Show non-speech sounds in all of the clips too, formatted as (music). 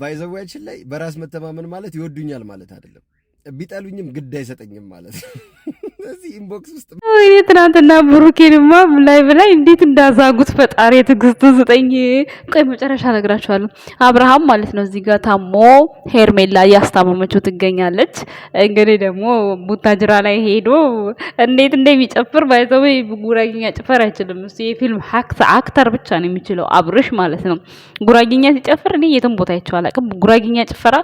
ባይዘዋያችን ላይ በራስ መተማመን ማለት ይወዱኛል ማለት አይደለም፣ ቢጠሉኝም ግድ አይሰጠኝም ማለት ነው። እዚህ ኢንቦክስ ውስጥ ወይ ትናንትና ብሩኬንማ ላይቭ ላይ እንዴት እንዳዛጉት ፈጣሪ ትዕግስቱ ስጠኝ። ቆይ መጨረሻ እነግራችኋለሁ። አብርሃም ማለት ነው እዚህ ጋር ታሞ ሄርሜላ እያስታመመችው ትገኛለች። እንግዲህ ደግሞ ቡታጅራ ላይ ሄዶ እንዴት እንደሚጨፍር ባይዘው ጉራጌኛ ጭፈር አይችልም እሱ የፊልም አክተር ብቻ ነው የሚችለው አብርሽ ማለት ነው። ጉራጌኛ ሲጨፍር እኔ የትም ቦታ አይቼው አላውቅም። ጉራጌኛ ጭፈራ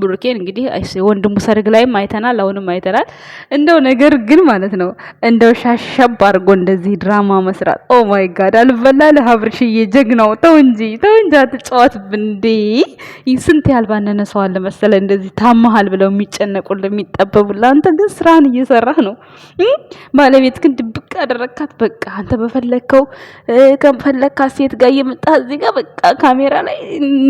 ብሩኬን እንግዲህ ወንድሙ ሰርግ ላይም አይተናል፣ አሁንም አይተናል። እንደው ነገር ግን ማለት ነው። እንደው ሻሸብ አድርጎ እንደዚህ ድራማ መስራት ኦ oh ማይ ጋድ አልበላልህ አብርሽዬ፣ ጀግናው ተው እንጂ ተው እንጂ አትጫወትብን እንዴ! ስንት ያልባነነ ሰው አለ መሰለ እንደዚህ ታመሃል ብለው የሚጨነቁ የሚጠበቡልህ። አንተ ግን ስራን እየሰራህ ነው። ባለቤት ግን ድብቅ ያደረካት በቃ አንተ በፈለግከው ከፈለግካ ሴት ጋር እየመጣህ እዚህ ጋር በቃ ካሜራ ላይ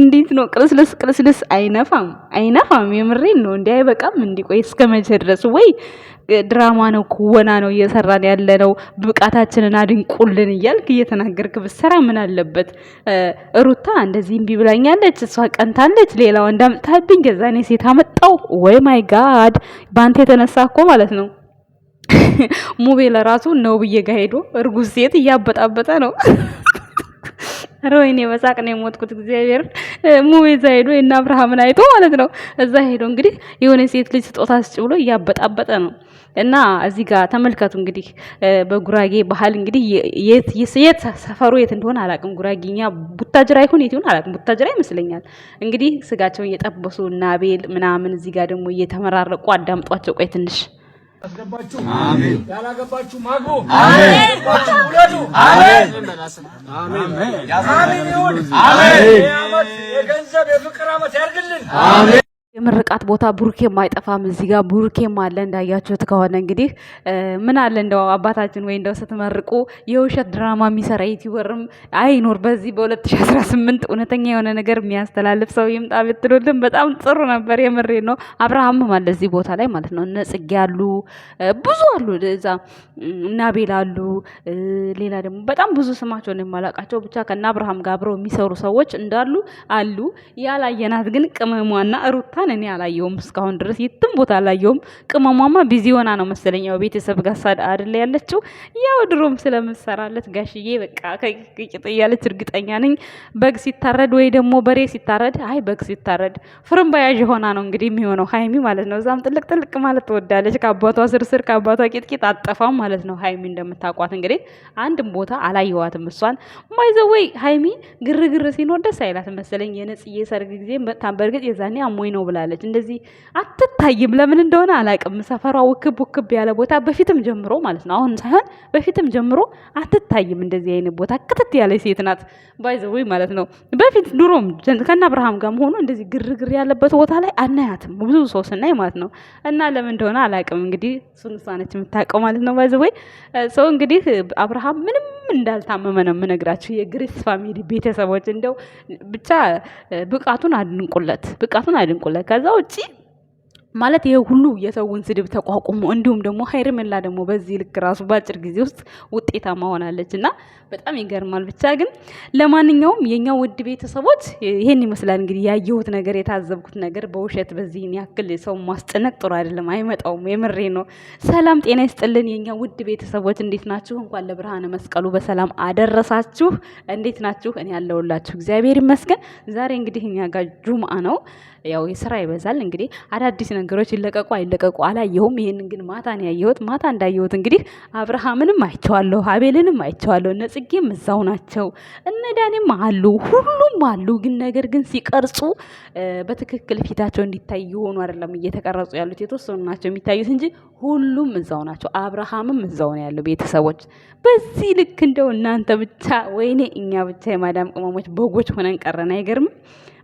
እንዴት ነው ቅልስልስ ቅልስልስ። አይነፋም አይነፋም። የምሬን ነው። እንዲ አይበቃም እንዲቆይ እስከ መቼ ድረስ ወይ ድራማ ነው ክወና ነው እየሰራን ያለ ነው፣ ብቃታችንን አድንቁልን እያልክ እየተናገርክ ብትሰራ ምን አለበት? ሩታ እንደዚህ እምቢ ብላኛለች፣ እሷ ቀንታለች፣ ሌላ ወንድ ገዛ ከዛ እኔ ሴት አመጣው ወይ ማይ ጋድ በአንተ የተነሳ እኮ ማለት ነው (laughs) ሙቤ ለራሱ ነው ብዬ ጋ ሄዶ እርጉዝ ሴት እያበጣበጠ ነው። (laughs) ኧረ ወይኔ በሳቅ ነው የሞትኩት። እግዚአብሔር ሙቤ እዛ ሄዶ እና አብርሃምን አይቶ ማለት ነው እዛ ሄዶ እንግዲህ የሆነ ሴት ልጅ ስጦታ ስጭ ብሎ እያበጣበጠ ነው። እና እዚህ ጋር ተመልከቱ እንግዲህ በጉራጌ ባህል እንግዲህ የት ሰፈሩ የት እንደሆነ አላውቅም። ጉራጌኛ ቡታጅራ ይሁን የት ይሁን አላውቅም። ቡታጅራ ይመስለኛል። እንግዲህ ስጋቸውን እየጠበሱ እና ቤል ምናምን እዚህ ጋር ደግሞ እየተመራረቁ አዳምጧቸው። ቆይ ትንሽ አስገባችሁ የገንዘብ የፍቅር አመት አሜን የምርቃት ቦታ ብሩኬም አይጠፋም። እዚህ ጋር ብሩኬም አለ። እንዳያችሁት ከሆነ እንግዲህ ምን አለ እንደው አባታችን ወይ እንደው ስትመርቁ የውሸት ድራማ የሚሰራ ዩቲዩበርም አይኖር። በዚህ በ2018 እውነተኛ የሆነ ነገር የሚያስተላልፍ ሰው ይምጣ ብትሉልን በጣም ጥሩ ነበር። የምሬ ነው። አብርሃም አለ እዚህ ቦታ ላይ ማለት ነው። እነ ጽጌ አሉ፣ ብዙ አሉ፣ እዛ እናቤል አሉ። ሌላ ደግሞ በጣም ብዙ ስማቸው ነው የማላቃቸው። ብቻ ከእነ አብርሃም ጋር አብረው የሚሰሩ ሰዎች እንዳሉ አሉ። ያላየናት ግን ቅመሟና ሩታ ሲሆን እኔ አላየውም እስካሁን ድረስ የትም ቦታ አላየውም። ቅመሟማ ቢዚ ሆና ነው መሰለኝ ያው ቤተሰብ ጋር አይደል ያለችው። ያው ድሮም ስለምሰራለት ጋሽዬ በቃ ከቂጥ እያለች እርግጠኛ ነኝ በግ ሲታረድ ወይ ደግሞ በሬ ሲታረድ፣ አይ በግ ሲታረድ ፍርም በያዥ ሆና ነው እንግዲህ የሚሆነው ሀይሚ ማለት ነው። እዛም ጥልቅ ጥልቅ ማለት ትወዳለች። ከአባቷ ስርስር ከአባቷ ቂጥቂጥ አጠፋም ማለት ነው። ሀይሚ እንደምታውቋት እንግዲህ አንድም ቦታ አላየዋትም። እሷን ማይዘወይ ሀይሚ ግርግር ሲኖር ደስ አይላት መሰለኝ የነጽዬ ሰርግ ጊዜ በእርግጥ የዛኔ አሞኝ ነው ብላ ትላለች። እንደዚህ አትታይም። ለምን እንደሆነ አላቅም። ሰፈሯ ውክብ ውክብ ያለ ቦታ በፊትም ጀምሮ ማለት ነው፣ አሁን ሳይሆን በፊትም ጀምሮ አትታይም። እንደዚህ አይነት ቦታ ክትት ያለ ሴት ናት፣ ባይዘወይ ማለት ነው። በፊት ድሮም ከእነ አብርሃም ጋር መሆኑ እንደዚህ ግርግር ያለበት ቦታ ላይ አናያትም፣ ብዙ ሰው ስናይ ማለት ነው። እና ለምን እንደሆነ አላቅም። እንግዲህ እሱን እሷ ነች የምታውቀው ማለት ነው። ባይዘወይ ሰው እንግዲህ አብርሃም ምንም እንዳልታመመ ነው የምነግራችሁ። የግሬስ ፋሚሊ ቤተሰቦች እንደው ብቻ ብቃቱን አድንቁለት፣ ብቃቱን አድንቁለት። ከዛ ውጭ ማለት ይሄ ሁሉ የሰውን ስድብ ተቋቁሞ እንዲሁም ደግሞ ሀይርምላ ደግሞ በዚህ ልክ ራሱ በአጭር ጊዜ ውስጥ ውጤታማ ሆናለች እና በጣም ይገርማል። ብቻ ግን ለማንኛውም የኛ ውድ ቤተሰቦች ይሄን ይመስላል እንግዲህ ያየሁት ነገር የታዘብኩት ነገር። በውሸት በዚህን ያክል ሰው ማስጨነቅ ጥሩ አይደለም፣ አይመጣውም። የምሬ ነው። ሰላም ጤና ይስጥልን የኛ ውድ ቤተሰቦች፣ እንዴት ናችሁ? እንኳን ለብርሃነ መስቀሉ በሰላም አደረሳችሁ። እንዴት ናችሁ? እኔ ያለውላችሁ እግዚአብሔር ይመስገን። ዛሬ እንግዲህ እኛ ጋር ጁምአ ነው። ያው ስራ ይበዛል እንግዲህ አዳዲስ ነገሮች ይለቀቁ አይለቀቁ አላየሁም። ይሄንን ግን ማታ ነው ያየሁት። ማታ እንዳየሁት እንግዲህ አብርሃምንም አይቸዋለሁ፣ አቤልንም አይቸዋለሁ፣ እነ ጽጌም እዛው ናቸው፣ እነ ዳኔም አሉ፣ ሁሉም አሉ። ግን ነገር ግን ሲቀርጹ በትክክል ፊታቸው እንዲታይ የሆኑ አይደለም እየተቀረጹ ያሉት የተወሰኑ ናቸው የሚታዩት እንጂ ሁሉም እዛው ናቸው። አብርሃምም እዛው ነው ያለው። ቤተሰቦች በዚህ ልክ እንደው እናንተ ብቻ ወይኔ፣ እኛ ብቻ የማዳም ቅመሞች በጎች ሆነን ቀረን። አይገርምም?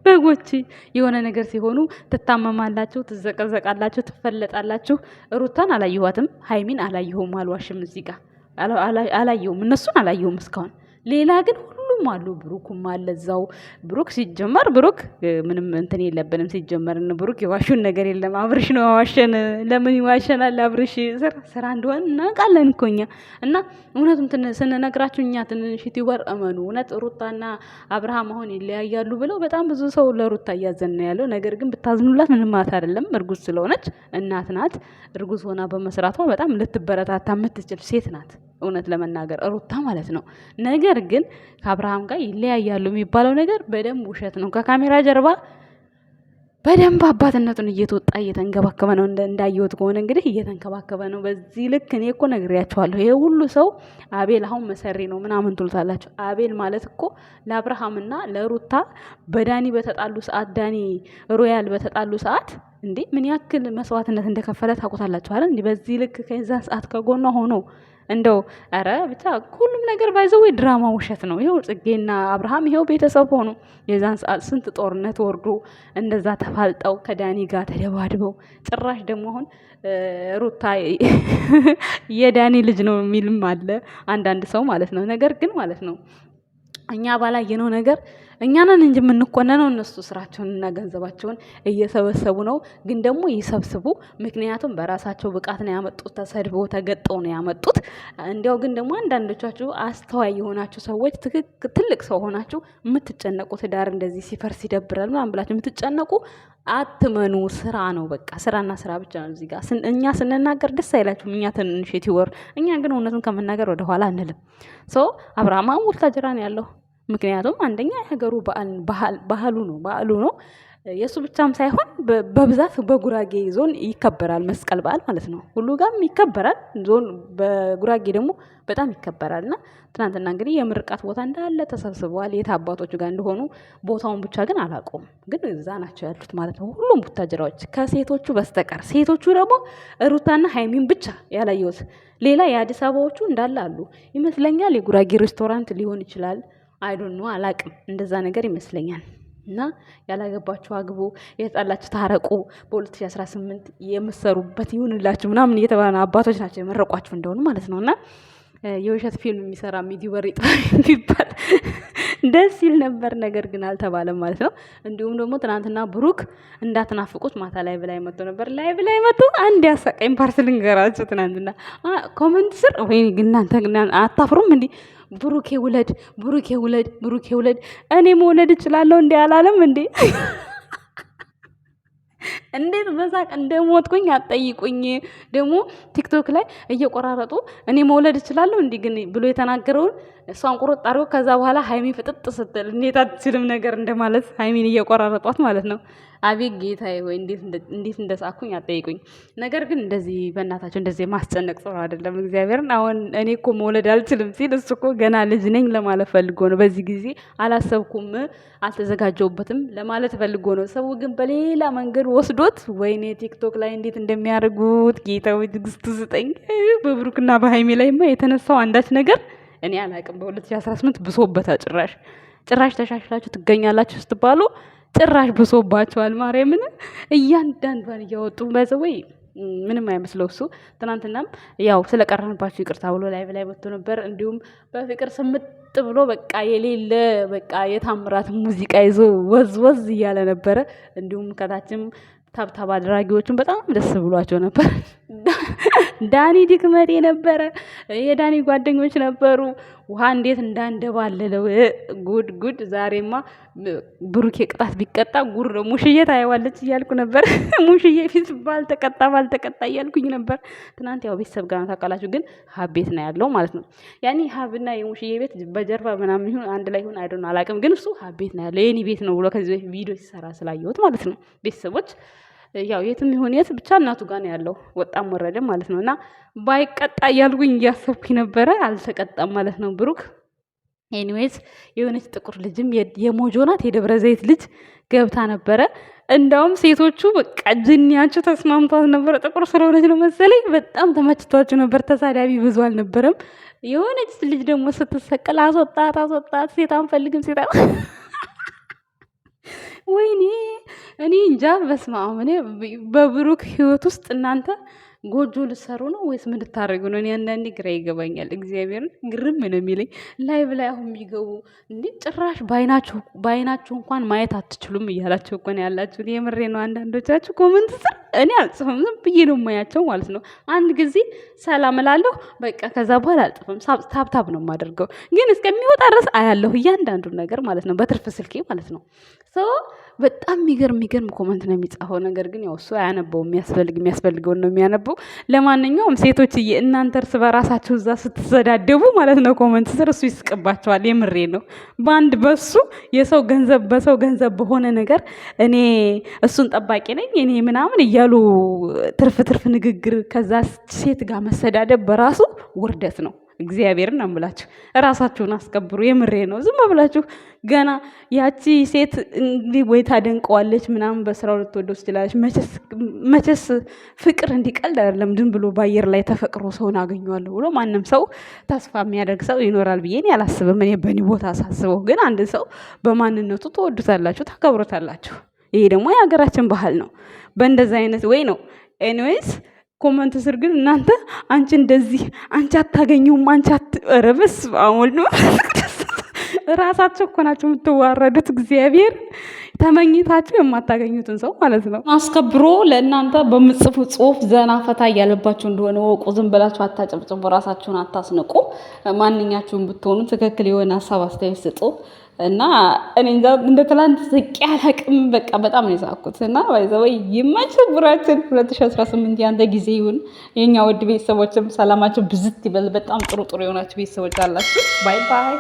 በጎች የሆነ ነገር ሲሆኑ ትታመማላችሁ፣ ትዘቀዘቃላችሁ፣ ትፈለጣላችሁ። ሩታን አላየኋትም፣ ሀይሚን አላየሁም፣ አልዋሽም። እዚህ ጋር አላየሁም፣ እነሱን አላየሁም እስካሁን ሌላ ግን ሁሉም አሉ። ብሩክም አለ እዛው። ብሩክ ሲጀመር ብሩክ ምንም እንትን የለብንም ሲጀመር። ብሩክ የዋሹን ነገር የለም። አብርሽ ነው የዋሸን። ለምን ይዋሸናል? አብርሽ ስራ እንደሆነ እናውቃለን እኮ እኛ እና እውነቱም ስንነግራችሁ እኛ ትንሽ ዩቲዩበር እመኑ። እውነት ሩታና አብርሃም አሁን ይለያያሉ ብለው በጣም ብዙ ሰው ለሩታ እያዘን ነው ያለው። ነገር ግን ብታዝኑላት ምንም ማለት አይደለም። እርጉዝ ስለሆነች እናት ናት። እርጉዝ ሆና በመስራቷ በጣም ልትበረታታ የምትችል ሴት ናት። እውነት ለመናገር ሩታ ማለት ነው። ነገር ግን ከአብርሃም ጋር ይለያያሉ የሚባለው ነገር በደንብ ውሸት ነው። ከካሜራ ጀርባ በደንብ አባትነቱን እየተወጣ እየተንከባከበ ነው። እንዳየሁት ከሆነ እንግዲህ እየተንከባከበ ነው በዚህ ልክ። እኔ እኮ ነግሬያቸዋለሁ። ይሄ ሁሉ ሰው አቤል አሁን መሰሪ ነው ምናምን ትሉታላቸው። አቤል ማለት እኮ ለአብርሃምና ለሩታ በዳኒ በተጣሉ ሰዓት፣ ዳኒ ሮያል በተጣሉ ሰዓት እንዴ ምን ያክል መስዋዕትነት እንደከፈለ ታውቁታላችኋል። እንዲህ በዚህ ልክ ከዛን ሰዓት ከጎኗ ሆኖ እንደው ኧረ ብቻ ሁሉም ነገር ባይዘው ድራማ ውሸት ነው። ይኸው ጽጌና አብርሃም ይኸው ቤተሰብ ሆኑ። የዛን ሰዓት ስንት ጦርነት ወርዶ እንደዛ ተፋልጠው ከዳኒ ጋር ተደባድበው ጭራሽ ደግሞ አሁን ሩታ የዳኒ ልጅ ነው የሚልም አለ አንዳንድ ሰው ማለት ነው። ነገር ግን ማለት ነው እኛ ባላየነው ነገር እኛንን እንጂ የምንኮነነው እነሱ ስራቸውንና ገንዘባቸውን እየሰበሰቡ ነው። ግን ደግሞ ይሰብስቡ። ምክንያቱም በራሳቸው ብቃት ነው ያመጡት። ተሰድበው ተገጠው ነው ያመጡት። እንዲያው ግን ደግሞ አንዳንዶቻችሁ አስተዋይ የሆናችሁ ሰዎች ትልቅ ሰው ሆናችሁ የምትጨነቁ ትዳር እንደዚህ ሲፈርስ ይደብራል ምናምን ብላችሁ የምትጨነቁ አትመኑ። ስራ ነው በቃ ስራና ስራ ብቻ ነው። እዚህ ጋር እኛ ስንናገር ደስ አይላችሁም። እኛ ትንንሽ የትወር እኛ ግን እውነቱን ከመናገር ወደኋላ አንልም። ሶ አብርሃም አሙልታጅራን ያለው ምክንያቱም አንደኛ የሀገሩ ባህሉ ነው በዓሉ ነው። የእሱ ብቻም ሳይሆን በብዛት በጉራጌ ዞን ይከበራል መስቀል በዓል ማለት ነው። ሁሉ ጋም ይከበራል ዞን በጉራጌ ደግሞ በጣም ይከበራል። እና ትናንትና እንግዲህ የምርቃት ቦታ እንዳለ ተሰብስበዋል። የት አባቶቹ ጋር እንደሆኑ ቦታውን ብቻ ግን አላውቀውም። ግን እዛ ናቸው ያሉት ማለት ነው። ሁሉም ቡታጅራዎች ከሴቶቹ በስተቀር ሴቶቹ ደግሞ ሩታና ሀይሚን ብቻ ያላየሁት ሌላ የአዲስ አበባዎቹ እንዳለ አሉ ይመስለኛል። የጉራጌ ሬስቶራንት ሊሆን ይችላል አይዶኖ አላቅም እንደዛ ነገር ይመስለኛል። እና ያላገባችሁ አግቡ፣ የተጣላችሁ ታረቁ፣ በ2018 የምሰሩበት ይሁንላችሁ ምናምን እየተባለ አባቶች ናቸው የመረቋችሁ እንደሆኑ ማለት ነው። እና የውሸት ፊልም የሚሰራ ዩቲዩበር ይጥፋ (laughs) የሚባል ደስ ይል ነበር፣ ነገር ግን አልተባለም ማለት ነው። እንዲሁም ደግሞ ትናንትና ብሩክ እንዳትናፍቁት ማታ ላይ ብላይ መጥቶ ነበር። ላይ ብላይ መጥቶ አንድ ያሳቀኝ ፓርት ልንገራቸው። ትናንትና ኮመንት ስር ወይ እናንተ አታፍሩም እንዲ ብሩኬ ውለድ፣ ብሩኬ ውለድ፣ ብሩኬ ውለድ። እኔ መውለድ እችላለሁ እንዲ አላለም እንዴ? እንዴት ቀን እንደሞትኩኝ አጠይቁኝ። ደግሞ ቲክቶክ ላይ እየቆራረጡ እኔ መውለድ እችላለሁ እንዲህ ግን ብሎ የተናገረውን እሷን ቁርጥ አድርጎ ከዛ በኋላ ሀይሚ ፍጥጥ ስትል እንዴት አትችልም ነገር እንደማለት ሀይሚን እየቆራረጧት ማለት ነው። አቤት ጌታዬ ወይ እንዴት እንደሳኩኝ አጠይቁኝ ነገር ግን እንደዚህ በእናታቸው እንደዚህ ማስጨነቅ ጥሩ አይደለም። እግዚአብሔርን አሁን እኔ እኮ መውለድ አልችልም ሲል እሱ እኮ ገና ልጅ ነኝ ለማለት ፈልጎ ነው። በዚህ ጊዜ አላሰብኩም፣ አልተዘጋጀውበትም ለማለት ፈልጎ ነው። ሰው ግን በሌላ መንገድ ወስዶ አምሮት ወይኔ ቲክቶክ ላይ እንዴት እንደሚያደርጉት ጌታዊ ትግስቱ ዘጠኝ በብሩክና በሀይሜ ላይማ የተነሳው አንዳች ነገር እኔ አላቅም። በ2018 ብሶበታ ጭራሽ ጭራሽ ተሻሽላችሁ ትገኛላችሁ ስትባሉ ጭራሽ ብሶባችኋል። ማርያምን እያንዳንዷን እያወጡ በዘወይ ምንም አይመስለው እሱ። ትናንትናም ያው ስለቀረንባችሁ ይቅርታ ብሎ ላይ ላይ መጥቶ ነበር። እንዲሁም በፍቅር ስምጥ ብሎ በቃ የሌለ በቃ የታምራት ሙዚቃ ይዞ ወዝ ወዝ እያለ ነበረ። እንዲሁም ከታችም ታብታብ አድራጊዎቹን በጣም ደስ ብሏቸው ነበር። (laughs) ዳኒ ድክመቴ ነበረ። የዳኒ ጓደኞች ነበሩ። ውሃ እንዴት እንዳንደባለለው ጉድ ጉድ። ዛሬማ ብሩኬ ቅጣት ቢቀጣ ጉር ነው። ሙሽዬ ታየዋለች እያልኩ ነበር። (laughs) ሙሽዬ ፊት ባልተቀጣ ባልተቀጣ እያልኩኝ ነበር። ትናንት ያው ቤተሰብ ጋር ነው ታውቃላችሁ፣ ግን ሀብ ቤት ነው ያለው ማለት ነው። ያኔ ሀብና የሙሽዬ ቤት በጀርባ ምናምን ይሁን አንድ ላይ ይሁን አይደ አላውቅም፣ ግን እሱ ሀብ ቤት ነው ያለው የኔ ቤት ነው ብሎ ከዚህ ቪዲዮ ሲሰራ ስላየሁት ማለት ነው ቤተሰቦች ያው የትም ይሁን የት ብቻ እናቱ ጋር ነው ያለው፣ ወጣም ወረደ ማለት ነው። እና ባይቀጣ እያልኩኝ እያሰብኩኝ ነበረ፣ አልተቀጣም ማለት ነው ብሩክ። ኤኒዌይስ የሆነች ጥቁር ልጅም የሞጆ ናት የደብረ ዘይት ልጅ ገብታ ነበረ። እንዳውም ሴቶቹ በቃ ጅኒያቸው ተስማምቷት ነበረ። ጥቁር ስለሆነች ነው መሰለኝ በጣም ተመችቷቸው ነበር። ተሳዳቢ ብዙ አልነበረም። የሆነች ልጅ ደግሞ ስትሰቀል አስወጣት፣ አስወጣት ሴት አንፈልግም ሴት ወይኔ እኔ እንጃ። በስመ አብ እኔ በብሩክ ህይወት ውስጥ እናንተ ጎጆ ልሰሩ ነው ወይስ ምን ልታደርጉ ነው? እኔ አንዳንዴ ግራ ይገባኛል። እግዚአብሔርን ግርም ነው የሚለኝ ላይቭ ላይ አሁን የሚገቡ እንዲህ ጭራሽ በአይናችሁ እንኳን ማየት አትችሉም እያላችሁ እኮ ነው ያላችሁ። የምሬ ነው አንዳንዶቻችሁ ኮመንት ስር እኔ አልጽፍም፣ ዝም ብዬ ነው የማያቸው ማለት ነው። አንድ ጊዜ ሰላም እላለሁ፣ በቃ ከዛ በኋላ አልጽፍም። ታብታብ ነው የማደርገው፣ ግን እስከሚወጣ ድረስ አያለሁ እያንዳንዱ ነገር ማለት ነው፣ በትርፍ ስልኬ ማለት ነው። በጣም የሚገርም የሚገርም ኮመንት ነው የሚጻፈው። ነገር ግን ያው እሱ አያነበው፣ የሚያስፈልግ የሚያስፈልገውን ነው የሚያነበው። ለማንኛውም ሴቶችዬ እናንተ እርስ በራሳችሁ እዛ ስትሰዳደቡ ማለት ነው ኮመንት ስር እሱ ይስቅባቸዋል። የምሬ ነው። በአንድ በሱ የሰው ገንዘብ በሰው ገንዘብ በሆነ ነገር እኔ እሱን ጠባቂ ነኝ እኔ ምናምን እያ እያሉ ትርፍ ትርፍ ንግግር ከዛ ሴት ጋር መሰዳደብ በራሱ ውርደት ነው። እግዚአብሔርን አምላችሁ እራሳችሁን አስከብሩ። የምሬ ነው። ዝም ብላችሁ ገና ያቺ ሴት እንግዲህ ወይ ታደንቀዋለች ምናምን በስራው ልትወደው ትችላለች። መቼስ ፍቅር እንዲቀልድ አይደለም። ድን ብሎ በአየር ላይ ተፈቅሮ ሰውን አገኘዋለሁ ብሎ ማንም ሰው ተስፋ የሚያደርግ ሰው ይኖራል ብዬ እኔ አላስብም። እኔ በእኔ ቦታ አሳስበው ግን አንድ ሰው በማንነቱ ተወዱታላችሁ፣ ታከብሮታላችሁ። ይሄ ደግሞ የሀገራችን ባህል ነው። በእንደዚህ አይነት ወይ ነው። ኤኒዌይስ ኮመንት ስር ግን እናንተ አንቺ እንደዚህ አንቺ አታገኙም አንቺ አትረብስ አሞል ነው ራሳቸው እኮ ናቸው የምትዋረዱት እግዚአብሔር ተመኝታችሁ የማታገኙትን ሰው ማለት ነው። አስከብሮ ለእናንተ በምጽፉ ጽሁፍ ዘና ፈታ እያለባችሁ እንደሆነ ወቁ። ዝም ብላችሁ አታጨብጭቡ፣ ራሳችሁን አታስንቁ። ማንኛችሁን ብትሆኑ ትክክል የሆነ ሀሳብ አስተያየት ስጡ እና እኔ እንደ ትላንት ዝቅ ያላቅም በቃ በጣም ነው የሳኩት። እና ይዘወይ ይመች ቡራችን 2018 ያንተ ጊዜ ይሁን። የእኛ ውድ ቤተሰቦችም ሰላማቸው ብዝት ይበል። በጣም ጥሩ ጥሩ የሆናችሁ ቤተሰቦች አላችሁ። ባይ ባይ